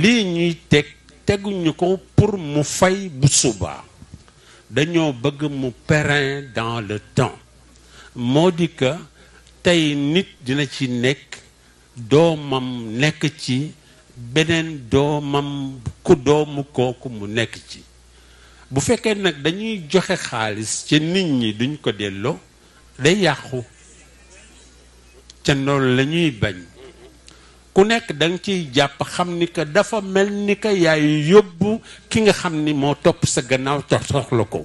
lii ñuy teg teguñu ko pour mu fay bu suba dañoo bëgg mu pérenne dans le temps moo di que tey nit dina ci nekk doomam nekk ci beneen doomam ku doomu kooku mu nekk ci bu fekkee nag dañuy joxe xaalis ci nit ñi duñ ko delloo day yàqu ca loolu la bañ ku nekk da nga ciy jàpp xam ni que dafa mel ni que yaay yóbbu ki nga xam ni moo topp sa gannaaw tox la ko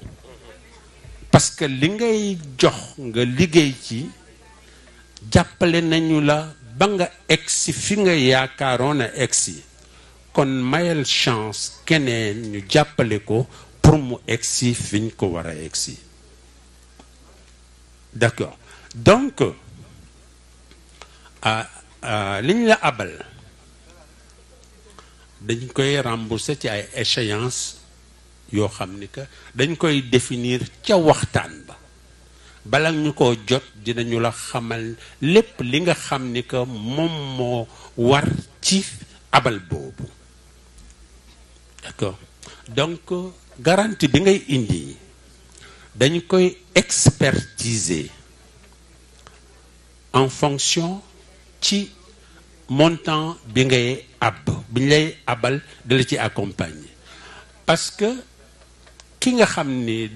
parce que li ngay jox nga liggéey ci jàppale nañu la ba nga egsi fi nga yaakaaroon a egsi kon mayal chance keneen ñu jàppale ko pour mu egsi si fiñ ko war a egsi d'accord donc euh, Euh, li abel, la abal dañ koy rembourser ci ay échéances yo xamni ni dañ koy définir ci waxtan ba balang ñu ko jot dinañu la xamal lepp li nga xamni war ci abal bobu d'accord donc garantie bi ngay indi dañ koy expertiser en fonction ci montant bi ngay ab bi lay abal dala ci accompagner parce que ki nga xam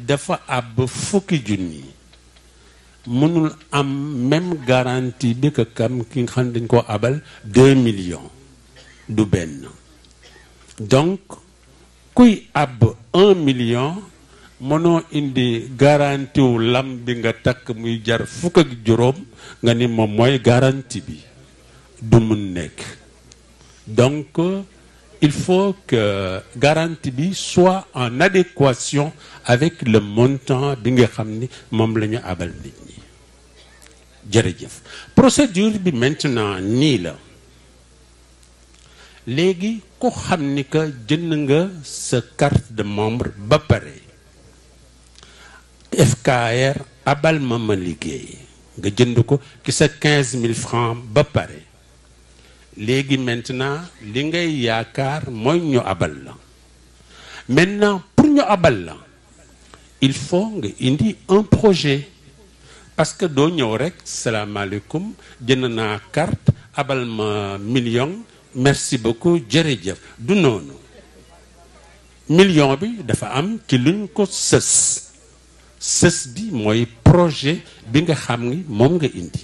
dafa ab fukki junni mënul am même garantie bi que kam ki nga xam dañ ko abal deux millions du benn donc kuy ab un million mënoo indi garantie wu lam bi nga takk muy jar fukk ak juróom nga ni moom mooy garantie bi donc il faut que garantie soit en adéquation avec le montant bi nga la abal nit ñi procédure bi maintenant ni la léegi ku xam se que jënd nga sa carte de membre ba paré FKR abal ma ma liggéey nga jënd ko ki sa quinze francs ba paré léegi maintenant li ngay yaakaar mooy ñu abal la maintenant pour ñu abal la il faut indi un projet parce que doo ñëw rek salaamaaleykum jënd naa carte abal ma million merci beaucoup jërëjëf du non. million bi dafa am ci luñ ko sës sës bi mooy projet bi nga xam indi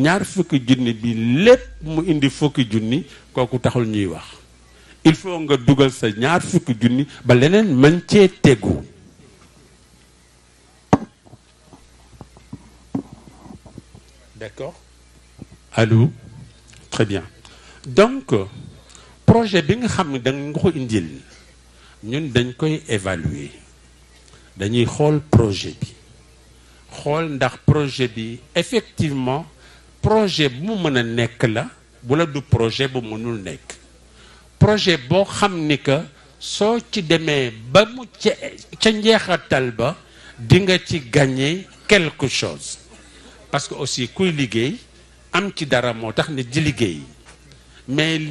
ñaar faut que bi mu il faut nga dugal sa ñaar fukki junni ba leneen mën d'accord allô très bien donc projet bi nga xam évaluer dañuy projet bi projet effectivement projet bu mu nek a la wala du projet bu mënul nek. projet bo xamni ni so ci demee ba mu ci ca ba di nga ci gagner quelque chose parce que aussi kuy liggéey am ci dara motax ni di liggéey mais